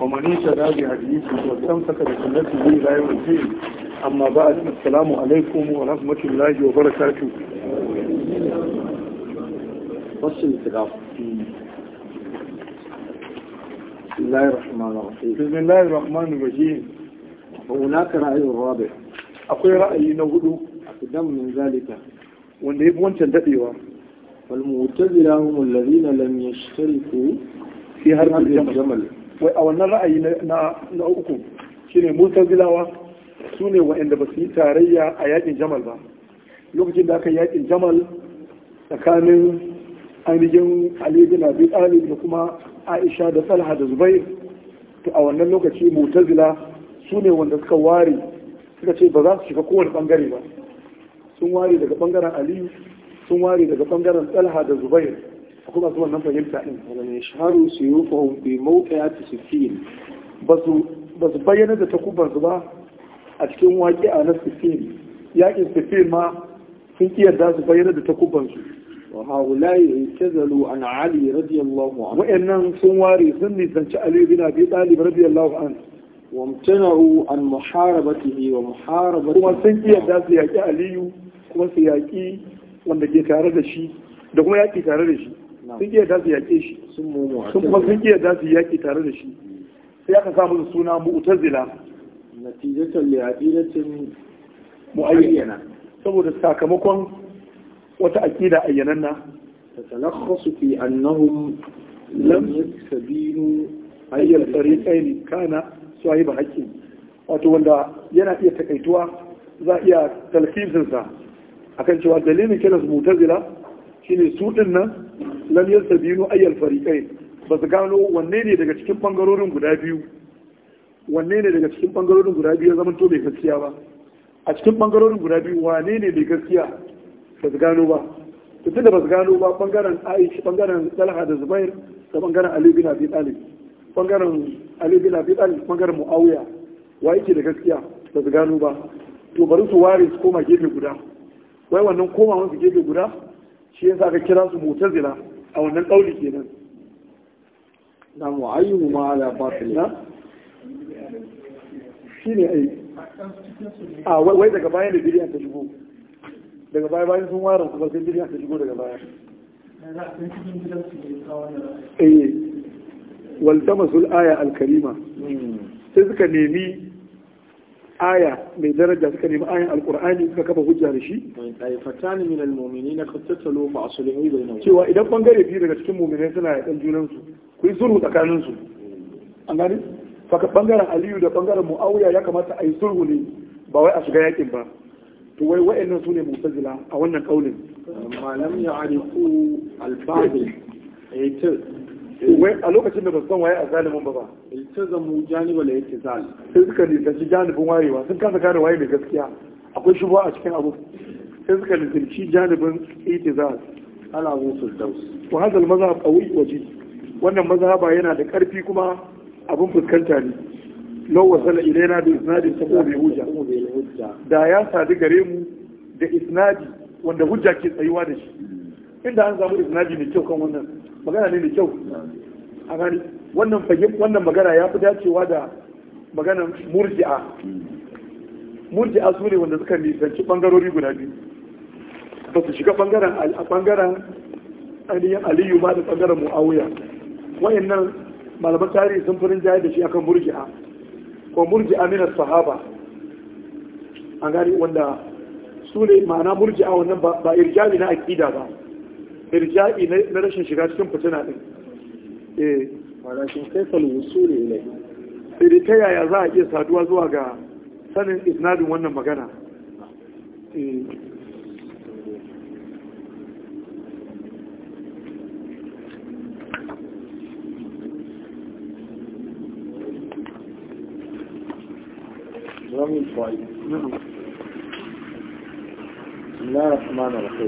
ومن اهتدى بهديه واستمسك بسنته الى يوم الدين اما بعد السلام عليكم ورحمه الله وبركاته بسم الله الرحمن الرحيم بسم الله الرحمن الرحيم وهناك رأي رابع أقول رأي نقول أقدم من ذلك واللي يبغون تندقيوا والمعتزلة هم الذين لم يشتركوا في هذا الجمل wai a wannan ra'ayi na uku shine mutazilawa su ne wa'anda ba su yi tarayya a yakin jamal ba lokacin da aka yakin jamal tsakanin ainihin ali bin talib da kuma aisha da talha da zubair to a wannan lokaci mutazila su ne wanda suka ware suka ce ba za su shiga kowane bangare ba sun ware daga bangaren aliyu sun ware daga bangaren talha da zubair kuma zuwa nan fahimta din wani shaharu su yi fahim bi mawuƙaya ta ba su bayyana da takubansu ba a cikin waƙi a na sifin yaƙin sifin ma sun ƙiyar da su bayyana da takubar su wa haulai intazalu an ali radiyallahu anhu wa'annan sun ware sun nisanci ali bin abi talib وامتنعوا عن محاربته ومحاربة kuma sun iya da su yaƙi aliyu kuma su yaƙi wanda ke tare da shi da kuma yaƙi tare da shi sun iya da su yaƙe shi sun kuma sun iya da su yaƙi tare da shi sai aka samu da suna mu'tazila natijatan li aqidatin muayyana saboda sakamakon wata aqida ayyananna tatalakhasu fi annahum lam yasbinu ayyal fariqain kana sahiba haqqin wato wanda yana iya takaituwa za a iya talfizinsa akan cewa dalilin kiran mutazila shine su din nan lam yastabinu ayyal fariqain ba su gano wanne ne daga cikin bangarorin guda biyu wanne ne daga cikin bangarorin guda biyu zaman to bai gaskiya ba a cikin bangarorin guda biyu wane ne bai gaskiya ba su gano ba to tunda ba su gano ba bangaren Aisha bangaren Talha da Zubair da bangaren Ali bin Abi Talib bangaren Ali bin Abi Talib bangaren Muawiya wa yake da gaskiya ba su gano ba to bari su ware su koma gefe guda wai wannan koma su gefe guda shi yasa aka kira su mutazila a wannan kauli kenan na mu ma ala batil na shine ai a wai daga baya da bidiyan ta shigo daga baya bayan sun wara kuma sai bidiyan ta shigo daga baya eh waltamasul aya alkarima hmm. sai suka nemi aya mai daraja suka nemi ayan alkur'ani suka kafa hujja da shi taifatan min almu'minina qattatalu fa aslihu bainahum cewa idan bangare biyu daga cikin mu'minai suna yakan junan su ku yi sulhu tsakanin su an gani faka bangaren aliyu da bangaren muawiya ya kamata a yi sulhu ne ba wai a shiga yakin ba to wai wa'annan su ne mu'tazila a wannan kaulin malam ya arifu al a lokacin da ba san waye a zalimin ba ba iltazamu janibal ittizal sai suka lisanci janibin wayewa sun kasa kare waye mai gaskiya akwai shubha a cikin abu sai suka lisanci janibin ittizal ala musul daus wa hadal mazhab qawi waji wannan mazhaba yana da karfi kuma abun fuskanta ne law wasala ilaina bi isnadin saboda hujja da ya sadu gare mu da isnadi wanda hujja ke tsayuwa da shi hmm. inda an samu mai kyau kan wannan ne mai kyau a wannan fahim wannan magana ya fi dacewa da maganar murji'a murji'a su ne wanda suka nisanci bangarori guda biyu ba su shiga bangaren a bangaren ainihin aliyu ma da bangaren mu'awiya wayannan malaman tarihi sun furin jaya da shi akan murji'a ko murji'a min sahaba an gani wanda su ne ma'ana murji'a wannan ba irja'i na aqida ba irja'i na rashin shiga cikin fitina din eh mana shi kaifal wusuli ilai ne. dai ta yaya za a iya saduwa zuwa ga sanin isnadin wannan magana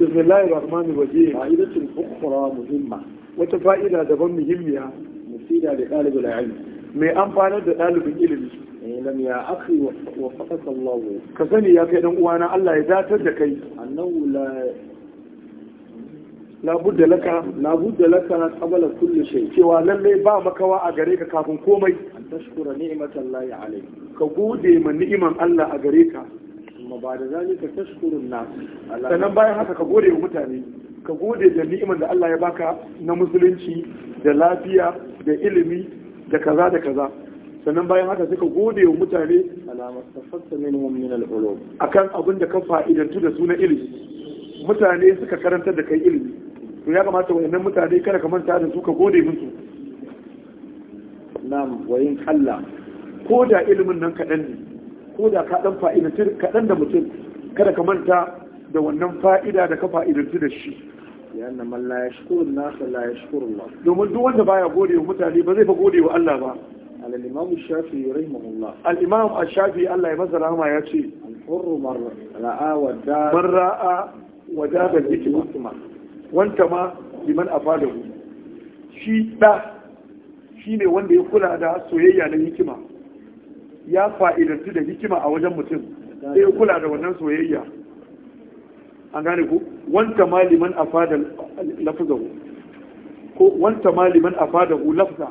بسم الله الرحمن الرحيم فائدة أخرى مهمة وتفائدة دبا مهمية mufida da ɗalibin mai amfanar da ɗalibin ilimi ilam eh, ya akhi wa faqaka Allah ka sani ya kai dan uwana Allah ya datar da kai annahu la la budda laka la budda laka qabla kulli shay cewa lalle ba makawa a gare ka kafin komai tashkura ni'matan Allah alayk ka gode ma ni'iman Allah a gare ka ba bayan haka ka gode wa mutane ka gode da ni'imar da Allah ya baka na musulunci da lafiya da ilimi da kaza da kaza sannan bayan haka ka gode wa mutane akan abin da ka fa'idantu da su na ilimi mutane suka karantar da kai ilimi to ya kamata wayannan mutane kada ka manta da su ka gode musu nam wayin kalla ko da ilimin nan kaɗan ne ko da ka dan fa'idantu kaɗan da mutum kada ka manta da wannan fa'ida da ka fa'idantu da shi لأن من لا يشكر الناس لا يشكر الله دوم دوم ده بايا غودي ومتالي بزي فغودي والله با على الإمام الشافعي رحمه الله الإمام الشافعي الله يمثل هما يأتي الحر مرة رأى وداب من رأى وداب الإتمة وانت ما liman afadahu shi da shi ne wanda ya kula da soyayya na hikima ya fa'idantu da hikima a wajen mutum sai ya kula da wannan soyayya an gane ku wanta maliman afada ku ko wanta maliman ku lafza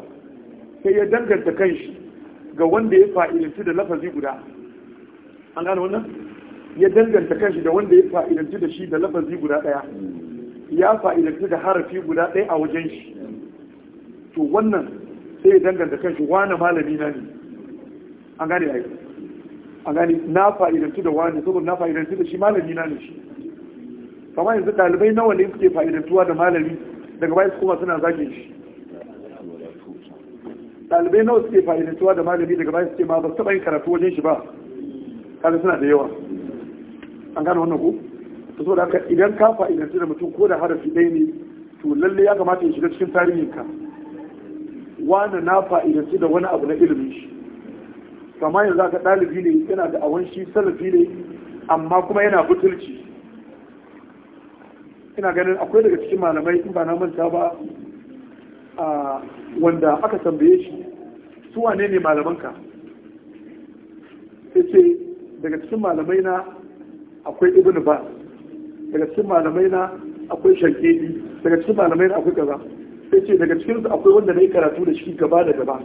sai ya danganta kanshi ga wanda ya fa'ilanci da lafazi guda an gane wannan ya danganta kanshi da wanda ya fa'ilanci da shi da lafazi guda daya ya fa'ilanci da harafi guda daya a wajen shi to wannan sai ya danganta kanshi wani malami na ne an gane yi an gane na fa'ilanci da wani saboda na fa'ilanci da shi malami na ne shi kamar yanzu dalibai nawa ne suke fa'idantuwa da malami daga bayan su kuma suna zage shi dalibai nawa suke fa'idantuwa da malami daga bayan suke ma ba su taɓa yin karatu wajen shi ba kada suna da yawa an gane wannan ku so da haka idan ka fa'idantu da mutum ko da harafi ɗaya ne to lalle ya kamata ya shiga cikin tarihin ka wani na fa'idantu da wani abu na ilimin shi kama yanzu aka ɗalibi ne yana da awon shi salafi ne amma kuma yana butulci ina ganin akwai daga cikin malamai in ba na manta ba wanda aka tambaye shi su wane ne malamanka sai ce daga cikin malamai na akwai ibn ba daga cikin malamai na akwai shankedi daga cikin malamai na akwai kaza sai ce daga cikinsu akwai wanda na yi karatu da shi gaba da gaba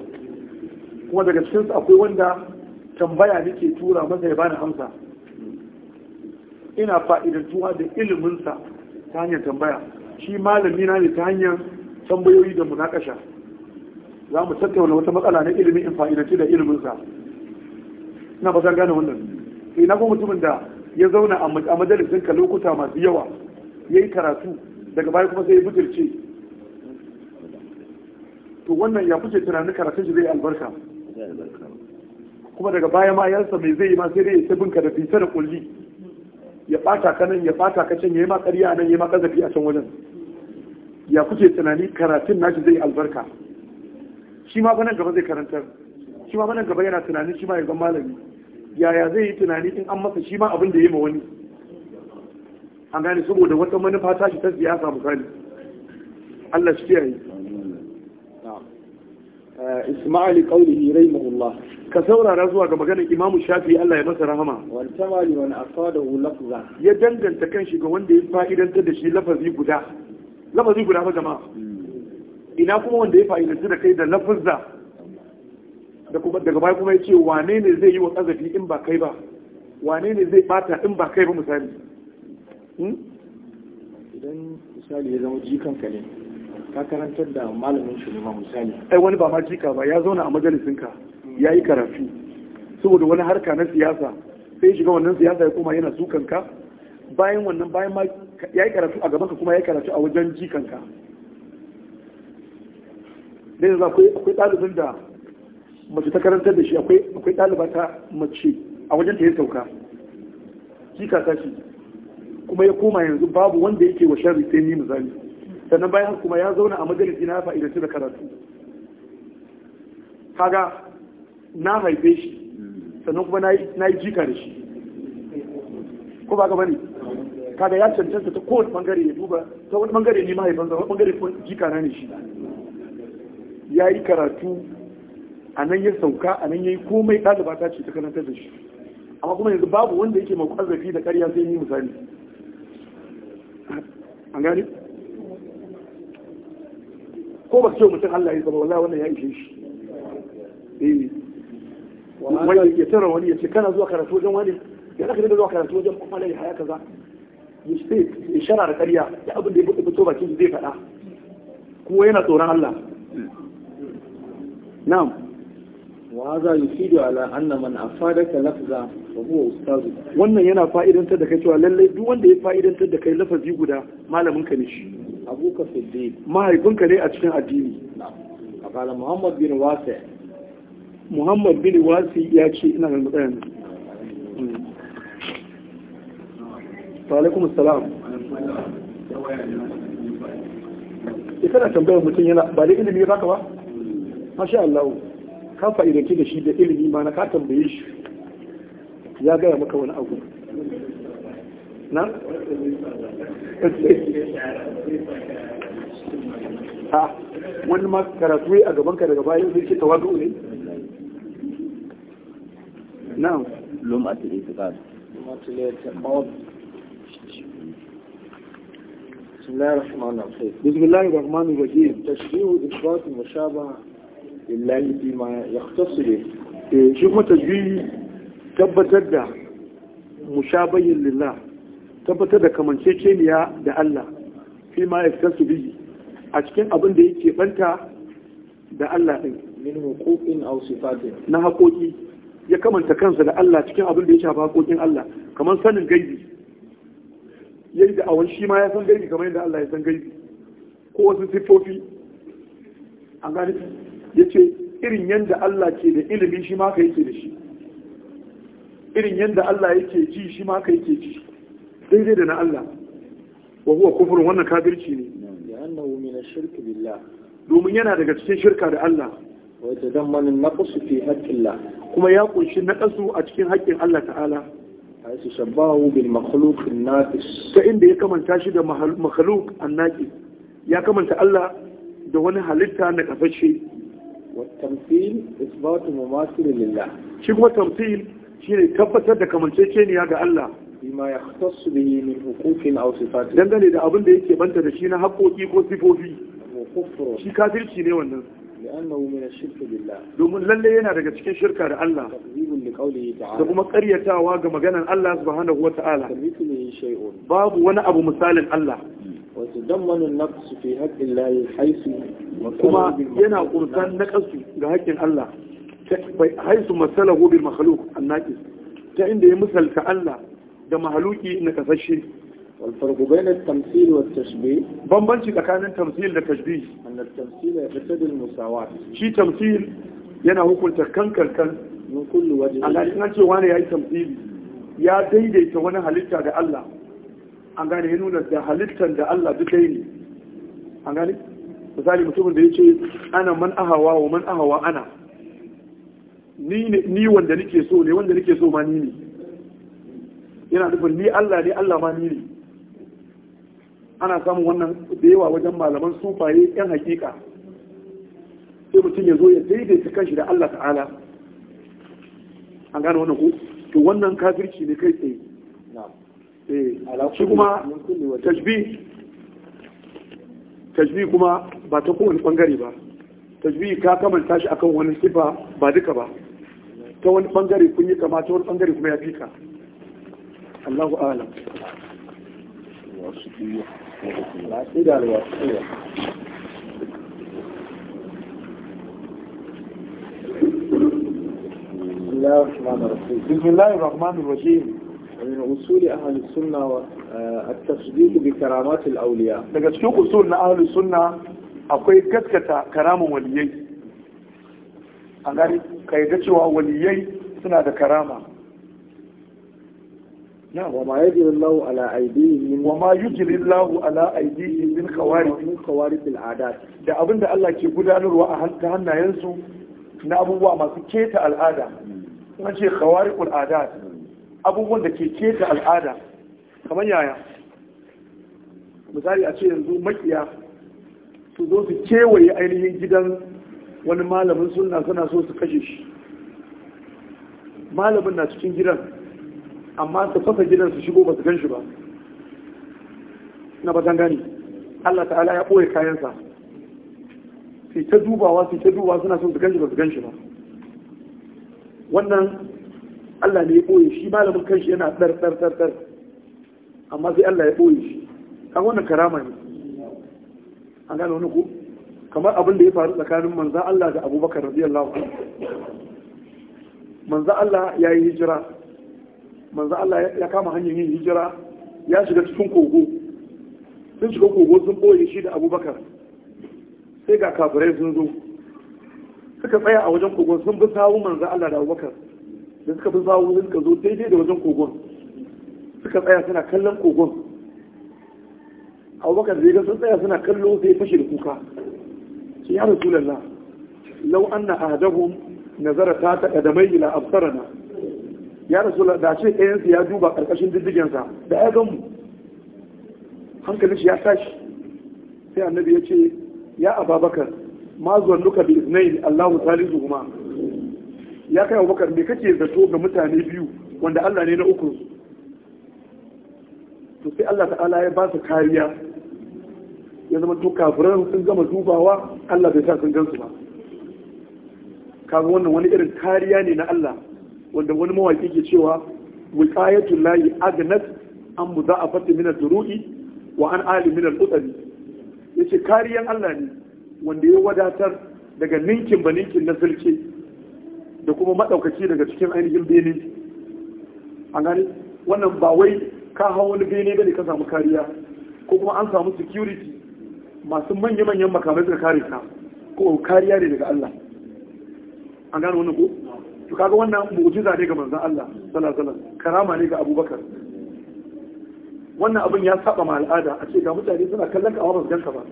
kuma daga cikinsu akwai wanda tambaya nake tura masa ya bani hamsa ina fa'idantuwa da iliminsa ta hanyar tambaya shi malami na ne ta hanyar tambayoyi da munakasha za mu tattauna wata matsala na ilimin in fa'idanci da iliminsa ina ba zan gane wannan sai na kuma mutumin da ya zauna a majalisin ka lokuta masu yawa ya yi karatu daga baya kuma sai ya bujirce to wannan ya kuce tunanin karatun shi zai albarka kuma daga baya ma yarsa mai zai yi ma sai dai ya tabin da fitar da kulli ya ɓata ka nan ya ɓata ka can ya yi ma a nan ya yi ma ƙazafi a can wajen ya kuke tunani karatun nashi zai albarka shi ma nan gaba zai karantar shi ma nan gaba yana tunani shi ma ya zama malami yaya zai yi tunani in an masa shi ma abin da ya yi ma wani an gane saboda wata manufa ta shi ta siyasa misali Allah shi kiyaye Isma'il isma'ali qawlihi rahimahullah ka saurara zuwa ga maganar imamu shafi Allah ya masa rahama wal tamali wal asadahu lafza ya danganta kanshi ga wanda ya fa'idantar da shi lafazi guda lafazi guda fa jama'a hmm. ina kuma wanda ya fa'idantar da kai da lafazza da kuma kuma ya ce wane ne zai yi wa kazafi in ba kai ba wane ne zai bata in ba kai ba misali hmm? idan misali ya zama jikan ka ne ka karantar da malamin shi ma misali ai wani ba ma jika ba ya zauna a majalisin ka ya yi karafi saboda wani harka na siyasa sai shiga wannan siyasa ya koma yana sukan ka bayan wannan bayan ma ya yi karatu a gaban ka kuma ya yi karatu a wajen jikan ka da yanzu akwai ɗalibin da mace ta karantar da shi akwai ɗaliba ta mace a wajen ta ya sauka jika ta shi kuma ya koma yanzu babu wanda yake wa sharri sai ni misali sannan bayan kuma ya zauna a majalisi na fa'idanci da karatu kaga na haife shi sannan kuma na yi jika da shi ko ba gaba ne kaga ya cancanta ta kowane bangare ya duba ta wani bangare ne mahaifan zama bangare ko jika na ne shi ya yi karatu a nan ya sauka a nan ya yi komai ɗaliba ta ce ta karantar da shi amma kuma yanzu babu wanda yake mai kwazafi da ƙarya sai ni misali an gani ko ba ce mutum Allah ya zama wallahi wannan ya ishe shi eh wani ya tara wani ya ce kana zuwa karatu wajen wani ya zaka dinga zuwa karatu wajen kuma ya haya kaza ya ce eh, ya shara da ƙarya ya abin da ya buɗe fito bakin zai faɗa kuma yana tsoron Allah na'am wa za yufidu ala anna man afadaka lafza wa huwa ustazu wannan yana fa'idantar da kai cewa lallai duk wanda ya fa'idantar da kai lafazi guda malamin ka ne shi abuka fi din mahaifinka ne a cikin addini kala muhammad bin wasi muhammad bin wasi ya ce ina ga mutsayan wa alaikum assalam ita na tambayar mutum yana ba da ilimi ka ba masha Allah ka fa'idanci da shi da ilimi ma na ka tambaye shi ya gaya maka wani abu نعم a wani ma karatu a gaban ka daga bayan sai ce tawadu ne na'am lumatu ما lumatu itiqad نعم. بسم الله الرحمن الرحيم بسم الله الرحمن الرحيم تشبيه الاشراط المشابه لله فيما يختص به إيه، شوف تشبيه تبتدى مشابه لله tabbatar da kamanceceniya da Allah fi ma su biyu a cikin abin da yake banta da Allah ɗin. min huquqin aw sifatin na haƙoƙi ya kamanta kansa da Allah cikin abin da ya shafa haƙoƙin Allah kamar sanin gaibi yayi da awan shi ma ya san gaibi kamar yadda Allah ya san gaibi ko wasu siffofi an gani yace irin yadda Allah ke da ilimi shi ma ka yake da shi irin yadda Allah yake ji shi ma ka yake ji daidai da na Allah wa huwa kufurin wannan kafirci ne لأنه domin yana daga cikin shirka da Allah wa tadammanu naqsu fi haqqillah kuma ya kunshi naqsu a cikin haƙƙin Allah ta'ala haisu shabahu bil makhluq an ta inda ya kamanta shi da makhluq an ya kamanta Allah da wani halitta na kafashe wa tamthil isbatu mumasil lillah shi kuma tamthil shine tabbatar da kamanceceniya ga Allah bima yahtassu bihi min huquqin aw sifat dangane da abin da yake banta da shi na haƙoƙi ko sifofi shi kafirci ne wannan لأنه من الشرك بالله دومن لله yana daga cikin shirka da Allah da kuma ƙaryatawa ga maganar Allah subhanahu wataala babu wani abu misalin Allah wato dammanu naqs fi haqqi Allah haisu kuma yana kurkan naqasu ga haƙƙin Allah haisu masalahu bil makhluq annaqis ta inda ya misalta Allah da mahaluki na kasashe والفرق بين التمثيل والتشبيه بمبنشي كان تمثيل لتشبيه أن التمثيل يقتضي المساواة شي تمثيل yana hukunta kankan kan alhalin an ce wani ya yi tamfili ya daidaita wani halitta da Allah an gane ya nuna da halittar da Allah duk dai ne an gane misali mutumin da ya ce ana man ahawa wa man ahawa ana ni wanda nike so ne wanda nike so ma ni ne yana nufin ni Allah ne Allah ma ni ne ana samun wannan da yawa wajen malaman sufaye yan hakika sai mutum ya zo ya daidaita kanshi da Allah ta'ala an gane wannan ku to wannan kafirci ne kai tsaye eh, shi kuma tajbi tajbi kuma ba ta kowane bangare ba tajbi ka kamanta shi akan wani sifa ba duka ba ta wani bangare kun yi kama ta wani bangare kuma ya fi ka الله أعلم بسم الله الرحمن الرحيم من أصول أهل السنة آه، التصديق بكرامات الأولياء لقد شو أصولنا أهل السنة أقول كتكة كرام وليي أقول كيدتي وليي سنة كرامة وما يجري الله على أيديهم وما يجري الله على أيديهم من خوارج من خوارج العادات da abin ده Allah ke gudanarwa a ta hannayensu na abubuwa masu keta al'ada kuma ce khawariqul العادات abubuwan da ke keta al'ada kamar yaya misali a ce yanzu makiya su zo su kewaye ainihin gidan wani malamin sunna suna so su kashe shi malamin na cikin gidan amma su fasa gidan su shigo ba su gan shi ba na ba gani Allah ta'ala ya ɓoye kayansa su ta dubawa su ta dubawa suna son su gan shi ba su gan shi ba wannan Allah ne ya ɓoye shi malamin kanshi yana ɗar ɗar ɗar ɗar amma sai Allah ya ɓoye shi an wannan karama ne an gane wani ku kamar abin da ya faru tsakanin manzan Allah da abubakar radiyallahu anhu manzan Allah ya yi hijira manzo Allah ya kama hanyar yin hijira ya shiga cikin kogo sun shiga kogo sun boye shi da abubakar sai ga kafirai sun zo suka tsaya a wajen kogon sun bi sawu manzo Allah da abubakar da suka bi sawu sun ka zo daidai da wajen kogon suka tsaya suna kallon kogon abubakar zai ga sun tsaya suna kallo sai ya fashe da kuka shi ya rasu lallah lau an na ahadahum nazara ta ta da mai ila absarana ya rasu da ce ɗayansu ya duba ƙarƙashin diddigensa da ya gan mu hankalin shi ya tashi sai annabi ya ce ya ababakar ma zannuka bi isnail allahu salisu kuma ya kai abubakar me kake zato ga mutane biyu wanda allah ne na uku to sai allah ta'ala ya ba su kariya ya zama to kafiran sun gama dubawa allah bai sa sun gansu ba kaga wannan wani irin kariya ne na allah wanda wani mawaki ke cewa wuƙayatun layi, agnat an mu za a fata ad-duru'i wa an ali min al ya ce kariyan Allah ne wanda ya wadatar daga ninkin ba ninkin na sulke da kuma maɗaukaki daga cikin ainihin bene A gani wannan ba wai ka hau wani bene bane ka samu kariya ko kuma an samu security masu manya-manyan makamai suka kare ka ko kariya ne daga Allah an gane wannan ko to kaga wannan mu'jiza ne ga manzon Allah sallallahu alaihi wasallam karama ne ga Abubakar wannan abin ya saba ma al'ada a ce ga mutane suna kallon ka a ba su ba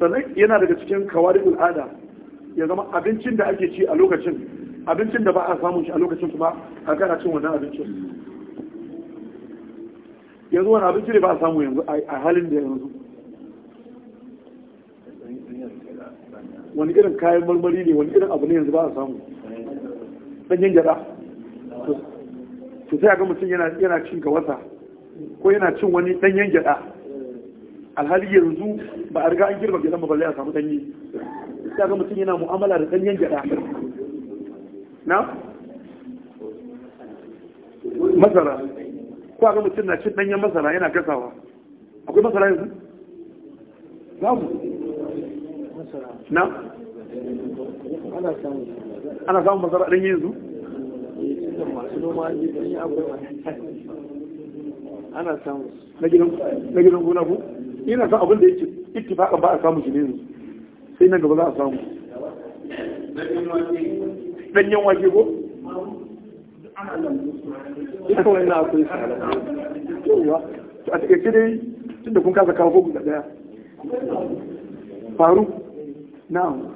sannan yana daga cikin kawari al'ada ya zama abincin da ake ci a lokacin abincin da ba a samun shi a lokacin kuma a kana cin wannan abincin yanzu wani abinci ne ba a samu yanzu a halin da yanzu wani irin kayan marmari ne wani irin abu ne yanzu ba a samu yin gyaɗa to sai ga mutum yana cin gawasa ko yana cin wani yin gyaɗa alhali yanzu ba a riga an girma gidan balle a samu danyi sai ga mutum yana mu'amala da yin gyaɗa na masara ko ga mutum na cin danyen masara yana gasawa akwai masara yanzu babu na ana samun masara ɗan yanzu ana samun na gidan gona ku ina san abin da yake ittifaqan ba a samu shi ne yanzu sai nan gaba za a samu ɗanyen wake ko ita wani na akwai a takaice dai tun da kun kasa kawo ko faru na'am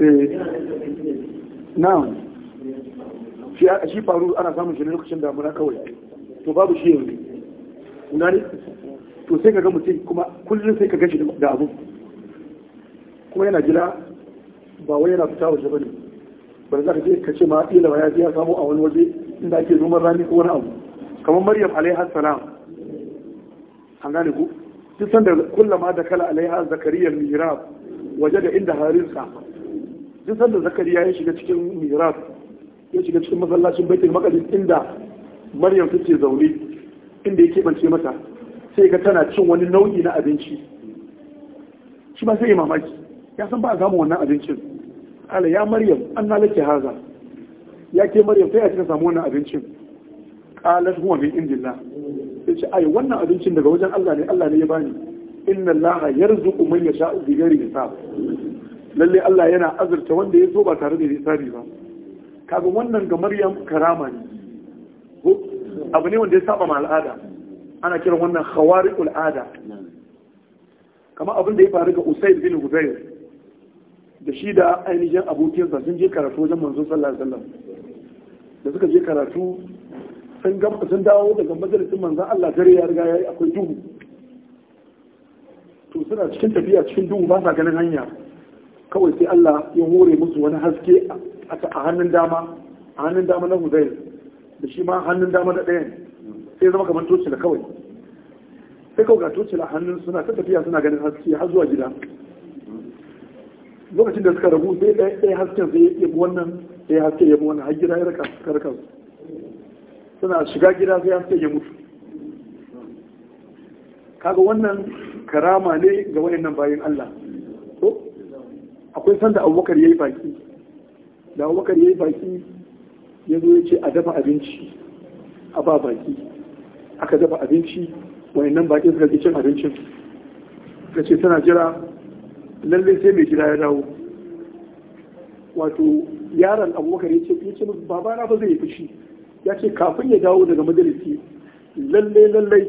eh. na'am shi faru ana samun shi ne lokacin damuna kawai to babu shi yanzu ne to sai ka ga mutum kuma kullum sai ka gashi da abu kuma yana jira ba wai yana fita waje ne, ba za ka je ka ce ma ila ba ya ya samu a wani waje inda ake noman rani ko wani abu kamar maryam alaihi salam an gane ku duk sanda kullama da kala alaiha zakariyar mihrab waje da inda harinsa duk sanda zakariya ya shiga cikin mihrab ya shiga cikin masallacin baitul maqdis inda maryam take zaune inda yake bance mata sai ga tana cin wani nau'i na abinci shi ba sai mamaki ya san ba a samu wannan abincin ala ya maryam an nalake haza ya ke maryam sai a cika samu wannan abincin qalat huwa min indillah yace ai wannan abincin daga wajen Allah ne Allah ne ya bani inna Allah yarzuqu man yasha'u bi ghairi hisab lalle Allah yana azurta wanda ya zo ba tare da hisabi ba kaga wannan ga Maryam karama ne abu ne wanda ya saba ma al'ada ana kiran wannan khawariqul ada kama abin da ya faru ga Usaid bin Hudayr da shi da ainihin abokinsa sun je karatu wajen manzo sallallahu alaihi wasallam da suka je karatu sun dawo daga majalisun manzan Allah gare ya riga yayi akwai duhu to suna cikin tafiya cikin duhu ba sa ganin hanya kawai sai Allah ya hore musu wani haske a hannun dama a hannun dama na Hudayl da shi ma hannun dama na ɗayan sai zama kamar tocila kawai sai kawai ga tocila hannun suna ta tafiya suna ganin haske har zuwa gida lokacin da suka rabu sai ɗaya hasken sai ya bi wannan ɗaya haske ya bi wannan har gida ya raka su suna shiga gida sai an sai ya mutu kaga wannan karama ne ga wayannan bayan Allah to akwai sanda abubakar ya yi baki da abubakar ya yi baki ya zo ya ce a dafa abinci a ba baki aka dafa abinci wayannan baki suka ci cin abincin ka ce tana jira lalle sai mai gida ya dawo wato yaron abubakar ya ce baba na fa zai yi fushi ya ce kafin ya dawo daga majalisi lalle lalle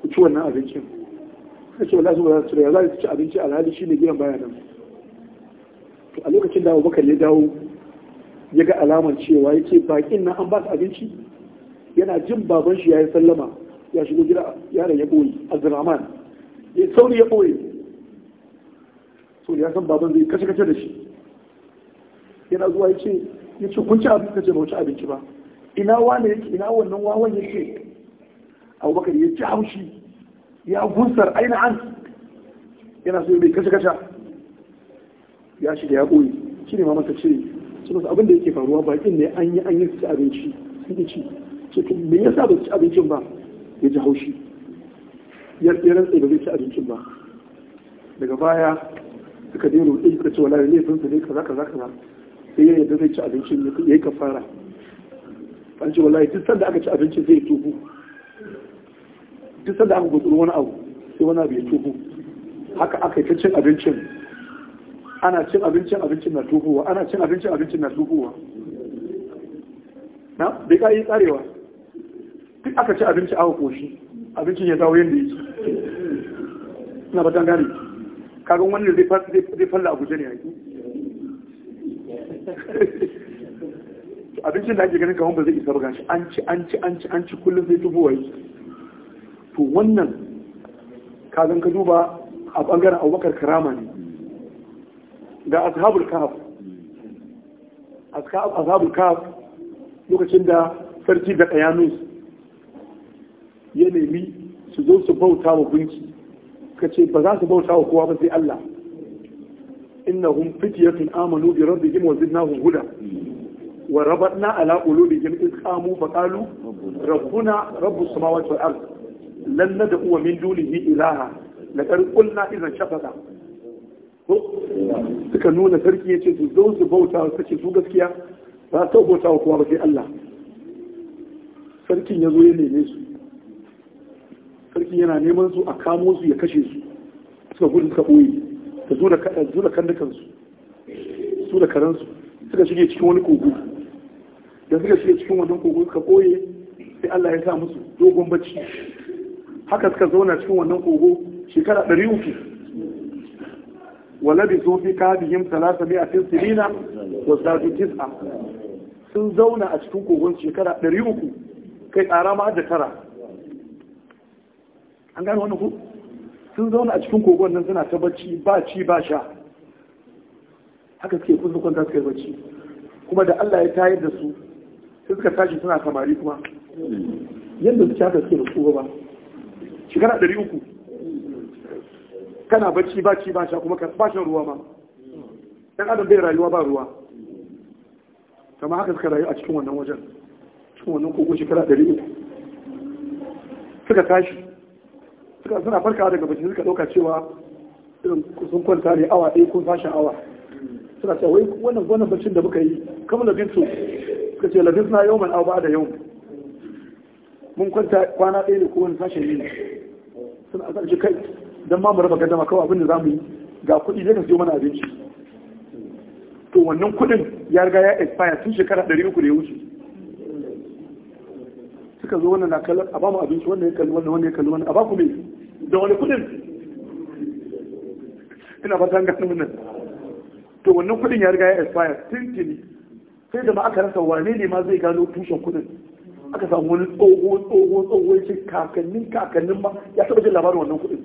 ku ci wannan abincin ya ce wala su ba su ya za su ci abinci alhali shi ne gidan baya nan to a lokacin da abubakar ya dawo ya ga alamar cewa ya ce bakin nan an ba su abinci yana jin baban shi ya yi sallama ya shigo gida yaron ya ɓoye azraman ya sauri ya ɓoye so ya san baban zai kace kace da shi yana zuwa ya ce ya ce kun ci abinci ka ce ba abinci ba ina wane yake ina wannan wawan yake abubakar ya ci haushi ya gunsar aina an yana so bai kashe kasha ya shiga ya ɓoye shi ne mamata ce suna abin da yake faruwa bakin ne an yi an yi ci abinci sun ci ce to me yasa ba ci abincin ba ya ji haushi ya tseren tsaye ba zai ci abincin ba daga baya suka je roƙe suka ce wala ne sun su ne kaza kaza kaza sai ya yadda zai ci abincin ya yi kafara an ce wallahi duk sanda aka ci abinci zai tuhu duk sanda aka gutsuru wani abu sai wani abu ya tuhu haka aka yi ta cin abincin ana cin abincin abincin na tuhuwa ana cin abincin abincin na tuhuwa na bai ka yi tsarewa duk aka ci abinci aka koshi abincin ya dawo yadda yake na batan gane kagan wannan zai falla a guje ne yaki abincin da ake ganin kawon ba zai isa ba gashi an ci an ci an ci an ci kullum sai tubo yi to wannan ka zan ka duba a bangaren abubakar karama ne ga ashabul kaf ashabul Kaf lokacin da sarki da kayanus ya nemi su zo su bauta wa gunki ka ce ba za su bauta wa kowa ba sai Allah innahum fityatun amanu bi rabbihim wa zidnahum huda wa rabatna ala qulubihim iz qamu fa qalu rabbuna rabbus samawati wal ard lan nad'u min dunihi ilaha laqad qulna idhan shafata ko suka nuna sarki yace su zo su bauta su ce su gaskiya ba ta bauta kowa ba sai Allah sarkin ya zo ya neme su sarki yana neman su a kamo su ya kashe su suka gudu suka ɓoye da zo da kandukansu su da karansu suka shige cikin wani kogo da suka shiga cikin wannan kogo suka koye sai Allah ya sa musu dogon bacci haka suka zauna cikin wannan kogo shekara ɗari uku walabi zo fi kabihim talata mai a sirina wa sadu tis'a sun zauna a cikin kogon shekara ɗari uku kai ƙara ma da tara an gane wannan ku sun zauna a cikin kogon nan suna ta bacci ba ci ba sha haka suke kusa kwanta suka yi bacci kuma da Allah ya tayar da su sai suka tashi suna samari kuma yadda su haka suke da su ba shekara ɗari uku kana bacci ba ci ba sha kuma ba shan ruwa ma ɗan adam bai rayuwa ba ruwa kama haka suka rayu a cikin wannan wajen cikin wannan kogo shekara ɗari uku suka tashi suka suna farka daga bacci suka ɗauka cewa irin sun kwanta ne awa ɗaya kun sashen awa suna cewa wannan wannan baccin da muka yi kamar da bintu suka ce labisna yawman aw ba'da yawm mun kwanta kwana ɗaya da kowane sashen ne suna a ƙarshe kai don ma mu raba gadama kawai abin da za mu yi ga kuɗi zai ka siyo mana abinci to wannan kuɗin ya riga ya expire tun shekara ɗari uku da ya wuce suka zo wannan na kallon a ba mu abinci wannan ya kalli wannan wannan ya kalli wannan a ba ku me da wani kuɗin ina ba ta gano to wannan kuɗin ya riga ya expire tun tuni sai da ba aka rasa wane ne ma zai gano tushen kudin aka samu wani tsohon tsohon tsohon ya ce kakannin kakannin ma ya taba jin labarin wannan kudin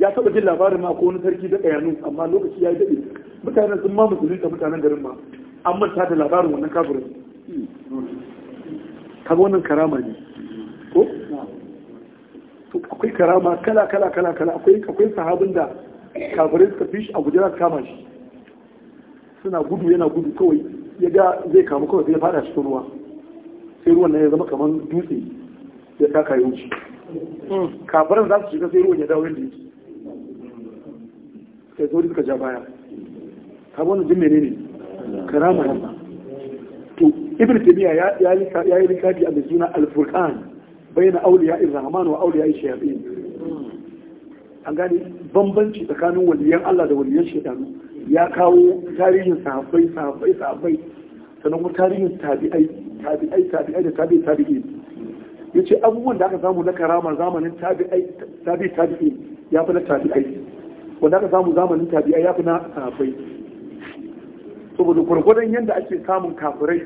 ya taba jin labarin ma ko wani sarki da ɗayanu amma lokaci ya yi daɗe mutanen sun ma ta mutanen garin ma an manta da labarin wannan kafirin kaga wannan karama ne ko akwai karama kala kala kala kala akwai akwai sahabin da kafirai suka fi shi a guje za su kama shi suna gudu yana gudu kawai ya ga zai kamu kawai zai fada cikin ruwa sai ruwan nan ya zama kamar dutse ya taka ya wuce kafaran za su shiga sai ruwan ya dawo yadda yake sai sauri suka ja baya ta wani jin menene karama Allah to ibn tabiya ya yi likafi a suna al-furqan bayna awliya ar-rahman wa awliya ash-shayatin an gane bambanci tsakanin waliyan Allah da waliyan shaytanu ya kawo tarihin sahabbai sahabbai sahabbai sannan kuma tarihin tabi'ai tabi'ai tabi'ai da tabi'ai tabi'i ya ce abubuwan da aka samu na karama zamanin tabi'ai tabi'ai tabi'i ya fi na tabi'ai wanda aka samu zamanin tabi'ai ya fi na sahabbai saboda gwargwadon yadda ake samun kafirai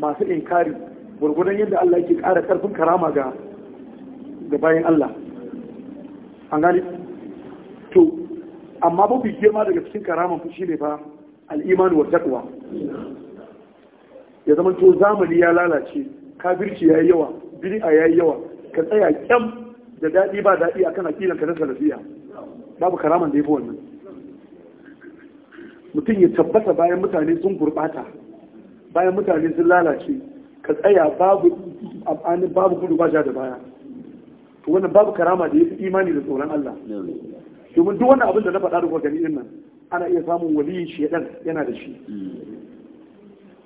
masu inkari gwargwadon yadda Allah yake ƙara ƙarfin karama ga bayan Allah an gani amma mafi girma daga cikin karaman fushi ne ba al'iman wa taqwa ya zama to zamani ya lalace kafirci yi yawa biri a yi yawa ka tsaya kyam da daɗi ba daɗi a kan ka na salafiya babu karaman da fi wannan mutum ya tabbata bayan mutane sun gurɓata bayan mutane sun lalace ka tsaya babu babu gudu ba ja da baya to wannan babu karama da ya fi imani da tsoron Allah domin duk wannan abin da na faɗa da gani nan ana iya samun waliyin shedan yana da shi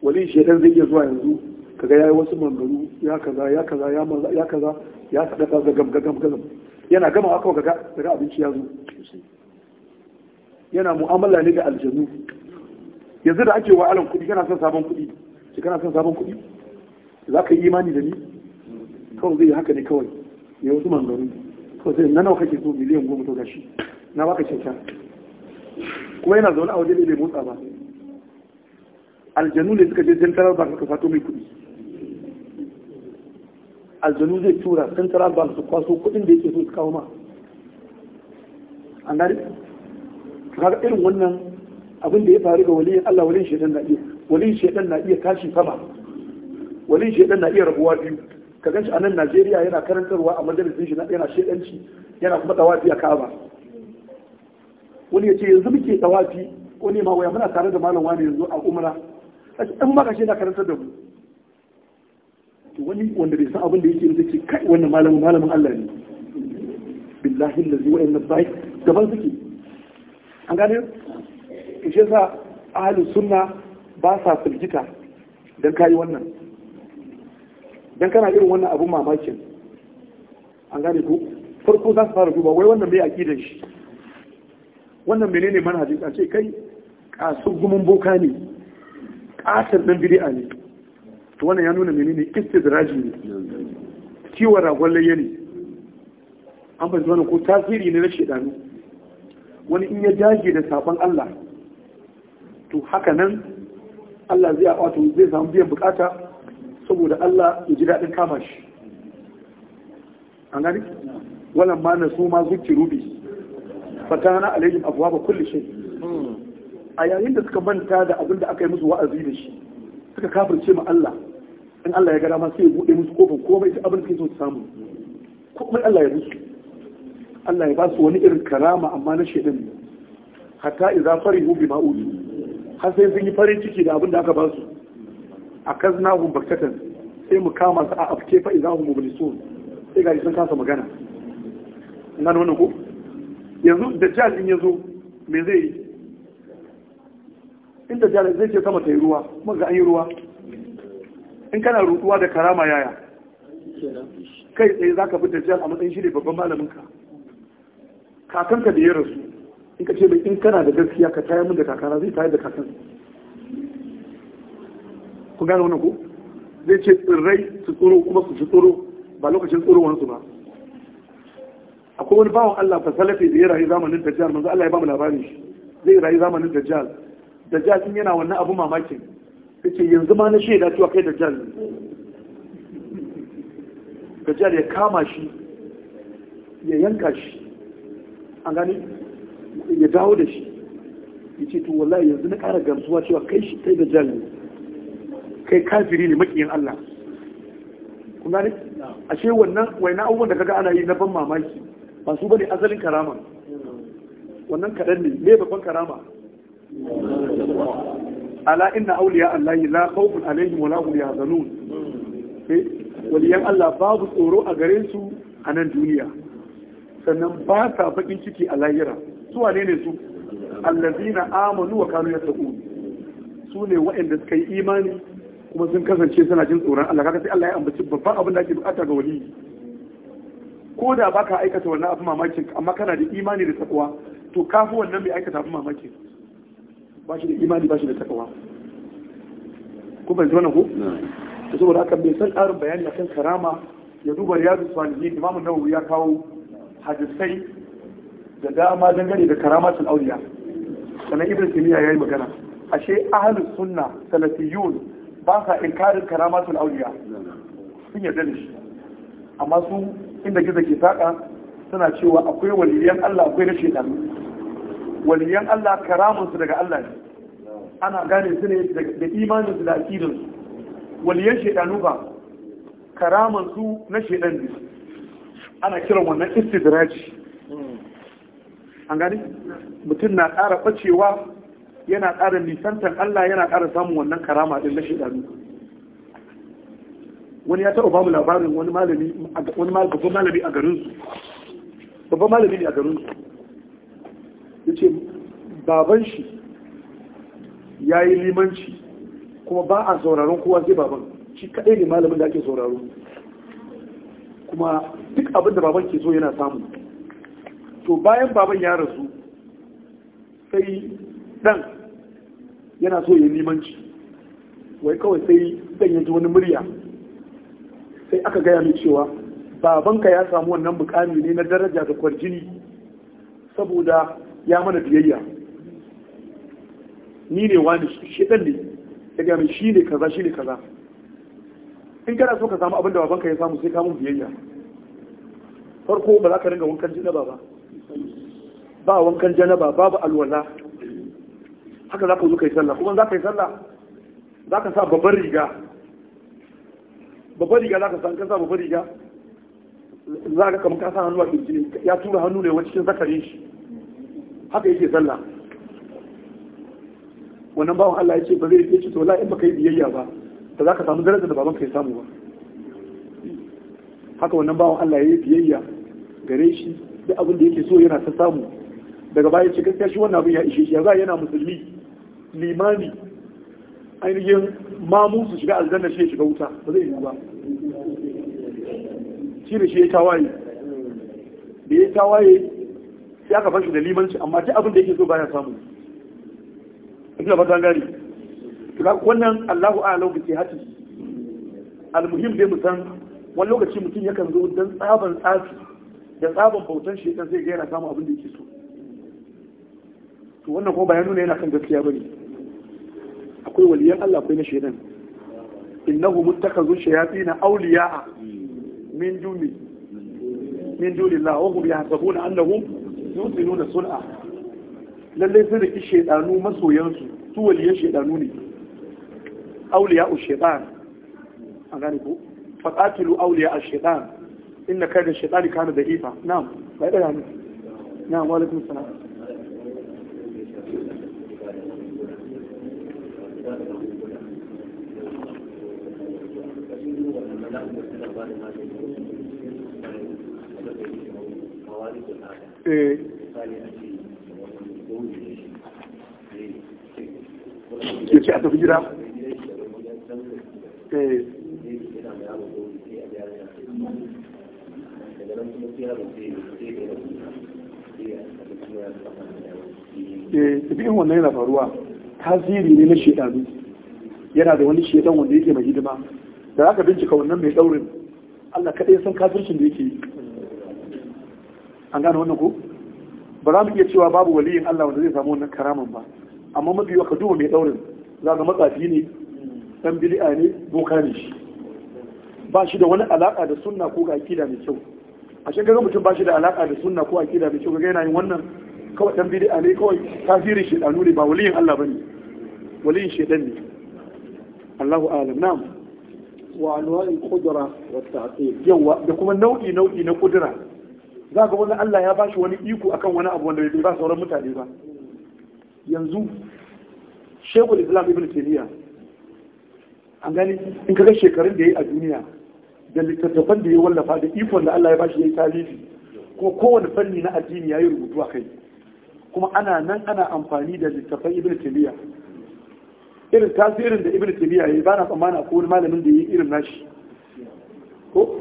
waliyin shedan zai iya zuwa yanzu kaga yayi wasu mangaru ya kaza ya kaza ya maza ya kaza ya kada kaza gam gam gam yana gama aka kaga daga abinci ya zo yana mu'amala ne da aljanu yanzu da ake wa'alan kuɗi kana son sabon kuɗi shi kana son sabon kuɗi za ka yi imani da ni kawai zai yi haka ne kawai ya wasu mangaru kawai zai na nawa kake so miliyan goma to gashi na baka kyauta kuma yana zaune a waje ne mai motsa ba aljanu ne suka je central bank suka fato mai kuɗi aljanu zai tura central bank su kwaso kuɗin da yake so su kawo ma an gani kaga irin wannan abin da ya faru ga waliyin Allah waliyin shedan na iya waliyin shedan na iya tashi sama waliyin shedan na iya rabuwa biyu ka ganshi a nan Najeriya yana karantarwa a majalisin shi yana shedanci yana kuma tawafi a Ka'aba wani ya ce yanzu muke tawafi ko ne ma waya muna tare da malam wani yanzu a umra kace in maka shi na karantar da mu wani wanda bai san abin da yake yanzu ce kai wannan malamin malamin Allah ne billahi allazi wa inna bai gaban suke an gane shi sa ahlus sunna ba sa firgita dan kai wannan dan kana irin wannan abun mamakin an gane ko farko za su fara duba wai wannan bai ƙidan shi wannan menene manhajin a ce kai kasu gumin boka ne kasar biri a ne to wannan ya nuna menene istidraji ne Ciwon ragon layya ne an fahimci wani ko tasiri ne na shaidanu wani in ya jage da sabon Allah to haka nan Allah zai wato zai samu biyan bukata saboda Allah ya ji daɗin kama shi an gani wannan ma na su ma zuci rubi fatana alaihim abwaba kulli shay a yayin da suka manta da abin da aka yi musu wa'azi da shi suka kafirce ma Allah in Allah ya ga dama sai ya bude musu kofar komai duk abin da suke su samu kuma Allah ya musu Allah ya ba su wani irin karama amma na shedan ne hatta idza farihu bima utu har sai sun yi farin ciki da abin da aka ba su akaznahum baktatan sai mu kama su a afke fa idza hum mublisun sai ga sun kasa magana nan wannan ko yanzu da jajin ya zo me zai yi inda jajin zai ce sama ta yi ruwa kuma ga an yi ruwa in kana rutuwa da karama yaya kai tsaye za ka fi jal a matsayin shi ne babban malaminka kakanka da ya rasu in ka ce mai in kana da gaskiya ka tayar min da kakana zai tayar da kakan ku gane wani ku zai ce tsirrai su tsoro kuma su ci tsoro ba lokacin tsoro su ba akwai wani bawan Allah Ta salafi da ya rayu zamanin dajjal manzo Allah ya ba mu labarin shi zai rayu zamanin dajjal dajjal din yana wannan abu mamakin kace yanzu ma na shaida cewa kai dajjal ne dajjal ya kama shi ya yanka shi an gani ya dawo da shi ya ce to wallahi yanzu na ƙara gamsuwa cewa kai shi kai dajjal ne kai kafiri ne makiyin Allah kun gani ashe wannan wai na abubuwan da kaga ana yi na ban mamaki ba su bane azalin karama wannan kaɗan ne me babban karama ala inna auliya allahi la khawfun alaihim wa la hum yahzanun eh, waliyan Allah babu tsoro a gare su a nan duniya sannan ba sa bakin ciki a lahira su wane ne su allazina amanu wa kanu yattaqun su ne waɗanda suka yi imani kuma sun kasance suna jin tsoron Allah kaga sai Allah ya ambaci babban abin da ake bukata ga waliyi ko da baka aikata wannan abin mamakin amma kana da imani da takwa to kafi wannan bai aikata abin mamaki ba shi da imani ba shi da takwa Ko ban zuwa ko to saboda haka bai san ƙarin bayani akan karama ya duba riyadu salihin imam nawawi ya kawo hadisai da dama dangane da karamatul auliya sannan ibn timiya yayi magana ashe ahlus sunna salafiyun ba sa inkarin karamatul auliya sun yarda da shi amma su inda gizo ke saka suna cewa akwai waliyan Allah akwai na shekaru waliyan Allah karamunsu daga Allah ne ana gane su ne da imaninsu da akidansu waliyan shekaru ba karamunsu na shekaru ne ana kiran wannan istidraji an gane mutum na ƙara ɓacewa yana ƙara nisantar Allah yana ƙara samun wannan karama din na shekaru wani ya taɓa bamu labarin wani malami wani babban malami a garin su babban malami ne a garin su ce baban shi ya yi limanci kuma ba a sauraron kowa sai baban shi kaɗai ne malamin da ake sauraro kuma duk abin da baban ke so yana samu to bayan baban ya rasu sai dan yana so ya yi limanci wai kawai sai dan ya ji wani murya sai aka gaya min cewa babanka ya samu wannan mukami ne na daraja da kwarjini saboda ya mana biyayya ni ne wani shedan ne ya gami shi ne kaza shi ne kaza in kana so ka samu abin da babanka ya samu sai ka mun biyayya farko ba za ka ringa wankan janaba ba ba wankan janaba babu alwala haka za ka zo ka yi sallah kuma za ka yi sallah za ka sa babban riga babbar riga za ka san kasa babbar riga za ka kama kasa hannu a kirji ne ya tura hannu ne cikin zakare shi haka yake sallah wannan bawon Allah ya ce ba zai ce to la'in in baka yi biyayya ba da za ka samu zarar da baban ka ya samu ba haka wannan bawon Allah ya yi biyayya gare shi da abin da yake so yana ta samu daga baya ce gaskiya shi wannan abin ya ishe shi ya za yana musulmi limani. ainihin mamu su shiga aljanna shi ya shiga wuta ba zai yi ba shi da shi ya tawaye da ya tawaye sai aka fashi da limanci amma duk abin da yake so baya samu ina ba ta gari wannan Allahu a'lam bi sihhati almuhim dai mutan wani lokaci mutum yakan zo dan tsaban tsafi da tsaban bautan shi dan zai ga yana samu abin da yake so to wannan ko bayan nuna yana kan gaskiya bane akwai waliyan Allah akwai na shedan innahu muttakazu shayatin awliya'a min duni min duni Allah wa hum yahsabuna annahum yusinuna sun'a lalle sun riki shedanu masoyansu su waliyan shedanu ne awliya'u ushaytan a gane ko faqatilu awliya'a ash-shaytan inna kaida ash kana da'ifa na'am bai da na'am wa alaikum salam Eh. ya ce a tafi gida eh. Eh, tafiyan wannan yana faruwa tasiri ne na shedanu yana da wani shedan wanda yake mai hidima da aka bincika wannan mai daurin Allah kaɗai san kafircin da yake yi an gane wannan ko ba za mu iya cewa babu waliyin Allah wanda zai samu wannan karaman ba amma mafi ka duba mai daurin za ga matsafi ne dan bili'a ne boka ne shi ba shi da wani alaƙa da sunna ko ga aƙida mai kyau a shi kaga mutum ba shi da alaƙa da sunna ko aƙida mai kyau ga yana yin wannan kawai dan bili'a ne kawai shi ɗanu ne ba waliyin Allah ne waliyin ɗan ne Allahu a'lam na'am wa kudura wa ta'til yawa da kuma nau'i nau'i na kudura za ga wani Allah ya bashi wani iko akan wani abu wanda bai ba sauran mutane ba yanzu shekul islam ibn taymiya an gani in kaga shekarun da yayi a duniya da littattafan da ya wallafa da ikon da Allah ya bashi yayi talibi ko kowane fanni na addini yayi rubutu a kai kuma ana nan ana amfani da littattafan ibn taymiya irin tasirin da ibn tabiya yayi ba na tsammana ko wani malamin da yi irin nashi ko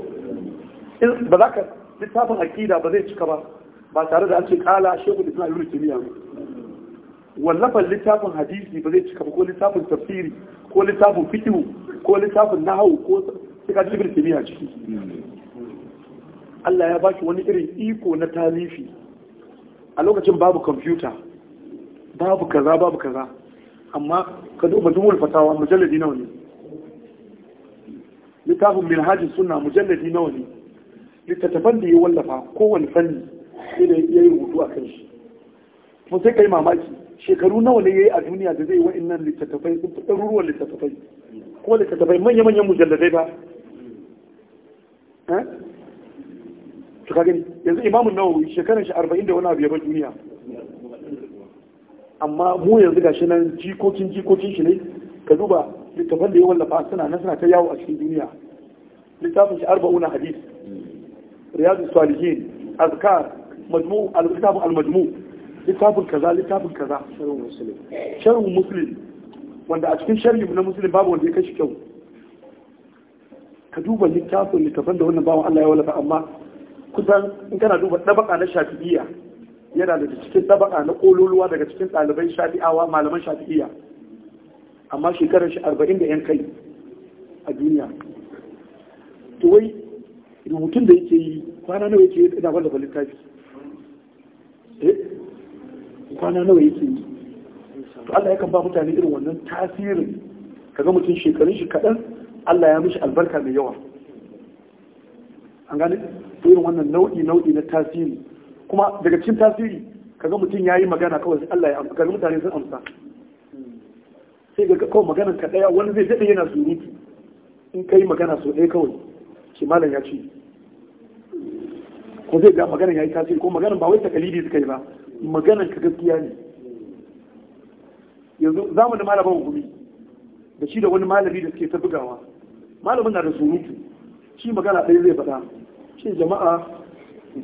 ba za ka littafin akida ba zai cika ba ba tare da an ce kala shehu da islam ibn tabiya wallafan littafin hadisi ba zai cika ba ko littafin tafsiri ko littafin fiqh ko littafin nahwu ko suka ka ibn tabiya ciki Allah ya baki wani irin iko na talifi a lokacin babu kwamfuta babu kaza babu kaza amma ka duba dubu fatawa mujalladi nawa ne littafin minhajin suna mujalladi nawa ne littattafan da ya wallafa kowane fanni sai da ya yi rubutu a kan shi kuma sai ka yi mamaki shekaru nawa ne ya yi a duniya da zai nan littattafai sun fi ɗaruruwan littattafai ko littattafai manya-manyan mujalladai ba eh? to ka gani yanzu imamun nawawi shekaran shi arba'in da wani abu ya bar duniya amma mu yanzu gashi nan jikokin jikokin shi ne ka duba littafan da ya wallafa suna nan suna ta yawo a cikin duniya littafin shi arba'una hadis riyadu salihin azkar majmu al kitabu al-majmu littafin kaza littafin kaza sharhun muslim sharhun muslim wanda a cikin sharhi na muslim babu wanda ya kashi kyau ka duba littafin littafan da wannan bawan Allah ya wallafa amma kusan in kana duba dabaka na shafi'iyya yana da cikin tabaka na kololuwa daga cikin ɗalibai shafi'awa malaman shafi'iya amma shekarar shi arba'in da yan kai a duniya to wai rubutun da yake yi kwana nawa yake yi wanda balita littafi eh kwana nawa yake yi to Allah yakan ba mutane irin wannan tasirin kaga mutum shekarun shi kaɗan Allah ya mishi albarka mai yawa an gane irin wannan nau'i nau'i na tasiri kuma daga cikin tasiri kaga mutum ya yi magana kawai Allah ya amsa kaga mutane sun amsa sai ga kawai magana ka daya wani zai daɗe yana surutu in ka yi magana sau ɗaya kawai shi malam ya ce ko zai ga magana ya yi tasiri ko magana ba wai takalidi suka yi ba magana ka gaskiya ne yanzu zamanin malaman gumi da shi da wani malami da suke ta bugawa malamin na da surutu shi magana ɗaya zai faɗa shi jama'a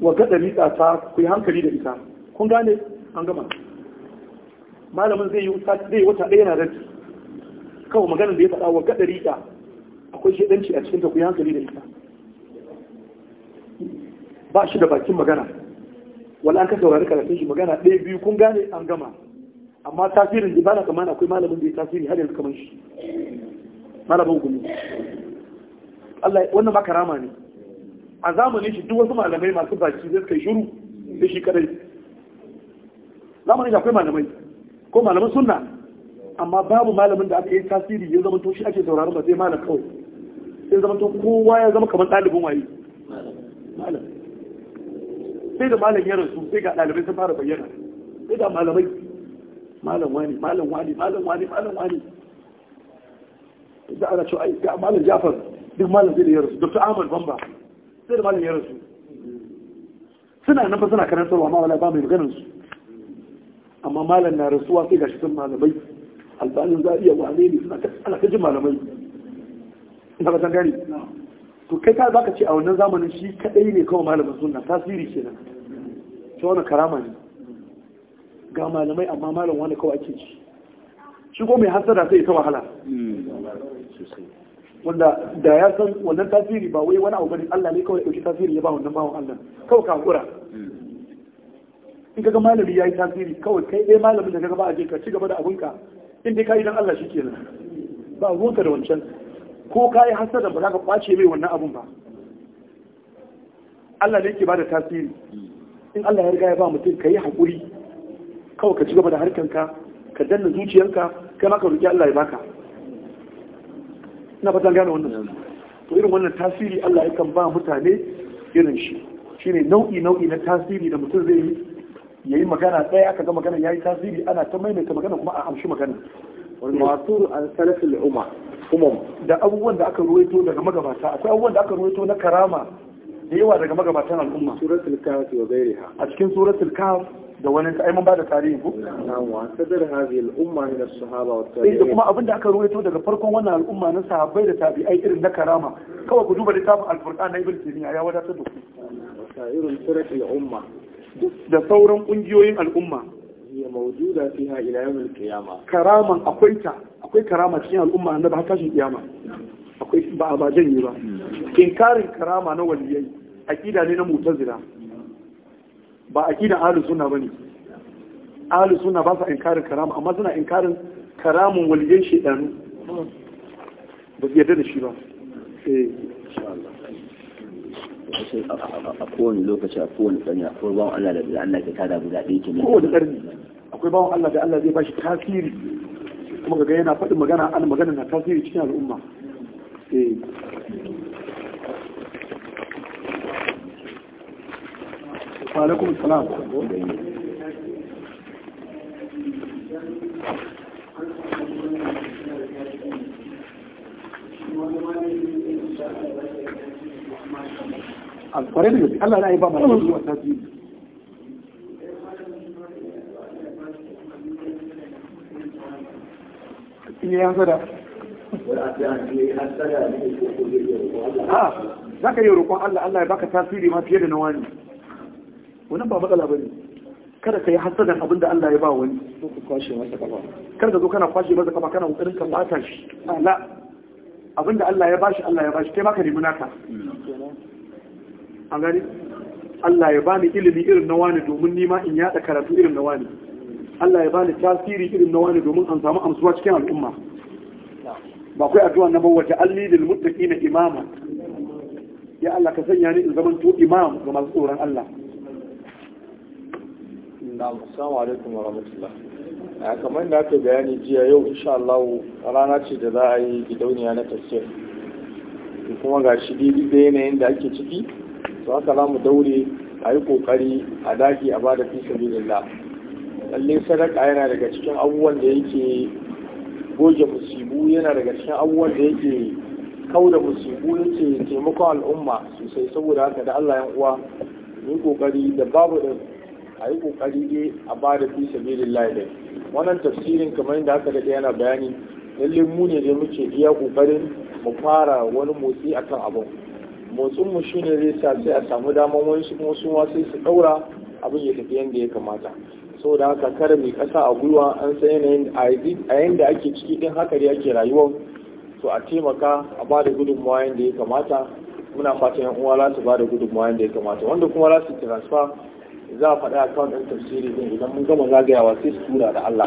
wa gada dariƙa ta ku yi hankali da ita kun gane an gama malamin zai yi zai wata ɗaya na rabi kawai maganin da ya faɗa wa gada dariƙa akwai shedanci a cikin ta ku yi hankali da ita ba shi da bakin magana wala an ka saurari karatun shi magana ɗaya biyu kun gane an gama amma tasirin da bana kamar akwai malamin da ya tasiri har yanzu kamar shi malamin gumi Allah wannan makarama ne a zamanin shi duk wasu malamai masu baki zai kai shiru da shi kadai zamanin shi akwai malamai ko malamin sunna amma babu malamin da aka yi tasiri ya zama to shi ake sauraron ba sai malam kawai sai zama to kowa ya zama kamar ɗalibin waye malam sai da malam ya rasu sai ga ɗalibai sun fara bayyana sai da malamai malam wani malam wani malam wani malam wani da ana cewa ai ga malam Jafar duk malam zai da ya rasu Dr. Ahmad Bamba sai da malam ya rasu suna nan ba suna karantarwa ma wala ba mai maganar su amma malam na rasuwa sai gashi sun malamai albanin za a iya wane ne suna ana malamai na ba gani to kai ka baka ce a wannan zamanin shi kadai ne kawai malamin sunna tasiri kenan ta wani karama ne ga malamai amma malam wani kawai ake ci shi ko mai hasada sai ita wahala hmm. wanda da ya san wannan tasiri ba wai wani abu bane Allah ne kawai dauki tasiri ya ba wannan bawan Allah kawai ka hakura in kaga malami yayi tasiri kawai kai dai malamin da kaga ba a je ka ci gaba da abunka in dai kai dan Allah shikenan ba ruwanka da wancan ko kai hasada ba za ka kwace mai wannan abun ba Allah ne ke bada tasiri in Allah ya riga ya ba mutum kai hakuri kawai ka ci gaba da harkanka ka danna zuciyarka kai ma ka roki Allah ya baka ina fatan gane wannan to irin wannan tasiri Allah ya kan ba mutane irin shi shine nau'i nau'i na tasiri da mutum zai yi yayi magana aka ga magana yayi tasiri ana ta maimaita magana kuma a amshi magana wal an salafil umma da abubuwan da aka ruwaito daga magabata akwai abubuwan da aka ruwaito na karama da yawa daga magabatan al'umma suratul kahf wa a cikin suratul kahf da wani ai mun da tarihi ku? sadar hadhihi al-umma min as-sahaba eh, da kuma abinda aka ruwaito daga farkon wannan al'umma na sahabbai da tabi'ai irin na karama kawai ku duba littafin al na ibn taymiya ya wadatar da ku irin firq al-umma da sauran kungiyoyin al'umma hiya mawjuda fiha ila yawm al-qiyama karaman akwai ta akwai karama cikin al'umma annabi har tashin kiyama akwai ba ba janye ba inkarin karama na waliyai akida ne na mutazila ba a aqidan ahlus ba ne ahlus sunna ba sa inkarin karamu amma suna inkarin karamun waliyan shedanu ba su yadda da shi ba eh insha lokaci a kowane lokaci a kowane tsanya akwai bawon Allah da da Allah ke tada guda ɗaya ke kowane ƙarni akwai bawon Allah da Allah zai ba shi tasiri kuma ga yana faɗin magana an magana na tasiri cikin al'umma eh. wa alaikum salam a da ba zuwa ah, za ka yi roƙon Allah Allah ya baka tasiri ma fiye da na wani wannan ba matsala bane kada ka yi hasadan abin da Allah ya ba wani kada ka zo kana kwashe masa kafa kana kokarin ka bata shi ala abin da Allah ya bashi Allah ya bashi kai ma ka nemi naka an gani Allah ya bani ilimi irin na wani domin ni ma in yada karatu irin na wani Allah ya bani tasiri irin na wani domin an samu amsuwa cikin al'umma ba kai addu'a na bawa ja'alni lil muttaqina imama ya Allah ka sanya ni in zamanto imam ga masu tsoron Allah Na'am, assalamu alaikum wa rahmatullah. A kamar da aka bayani jiya yau insha Allah rana ce da za a yi gidauniya na tafsir. Kuma ga shi da yanayin da ake ciki, to haka za mu daure a yi kokari a dage a bada fi sabilillah. Lalle sadaka yana daga cikin abubuwan da yake goge musibu yana daga cikin abubuwan da yake kau da musibu yake taimakon al'umma sosai saboda haka da Allah yan uwa yi kokari da babu da a yi kokari dai a ba da fi sabilin lahi wannan tafsirin kamar yadda aka daɗe yana bayani lalle mu ne zai muke iya kokarin mu fara wani motsi akan abin motsin mu shine zai sa sai a samu damar wani su kuma su sai su ɗaura abin ya tafi yadda ya kamata saboda haka kare mai kasa a gwiwa an san yanayin a yanda ake ciki din haka dai ake rayuwa to a taimaka a ba da gudunmawa yadda ya kamata muna fatan yan uwa za su ba da gudunmawa yadda ya kamata wanda kuma za su transfer za a faɗa akawun ɗan tafsiri ɗin idan mun gama zagayawa sai su tura da Allah.